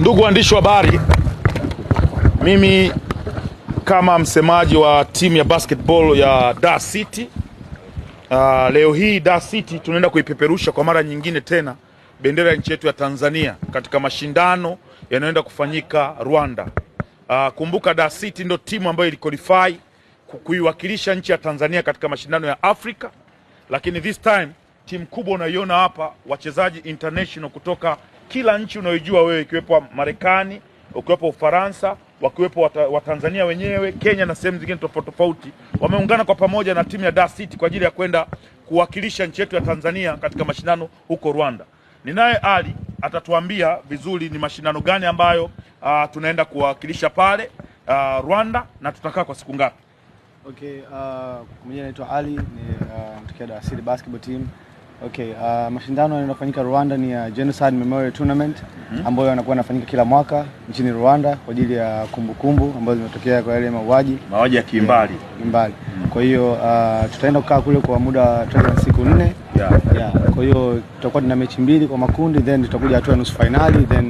Ndugu waandishi wa habari, mimi kama msemaji wa timu ya basketball ya Dar City uh, leo hii Dar City tunaenda kuipeperusha kwa mara nyingine tena bendera ya nchi yetu ya Tanzania katika mashindano yanayoenda kufanyika Rwanda. Uh, kumbuka Dar City ndio timu ambayo iliqualify kuiwakilisha nchi ya Tanzania katika mashindano ya Afrika, lakini this time timu kubwa unaiona hapa, wachezaji international kutoka kila nchi unayojua wewe ikiwepo Marekani, ukiwepo Ufaransa, wakiwepo Watanzania wenyewe, Kenya na sehemu zingine tofauti tofauti, wameungana kwa pamoja na timu ya Dar City kwa ajili ya kwenda kuwakilisha nchi yetu ya Tanzania katika mashindano huko Rwanda. Ninaye Ali atatuambia vizuri ni mashindano gani ambayo uh, tunaenda kuwakilisha pale uh, Rwanda na tutakaa kwa siku ngapi? Okay, uh, ah, mimi naitwa Ali ni uh, mtokea Dar City basketball team Okay, uh, mashindano yanayofanyika Rwanda ni ya Genocide Memorial Tournament mm -hmm. ambayo yanakuwa yanafanyika kila mwaka nchini Rwanda kwa ajili ya kumbukumbu ambazo zimetokea kwa yale mauaji mauaji ya kimbali kimbali. Mm -hmm. Kwa hiyo uh, tutaenda kukaa kule kwa muda wa siku nne. Yeah. Yeah. Kwa hiyo tutakuwa tuna mechi mbili kwa makundi then tutakuja hatua nusu finali then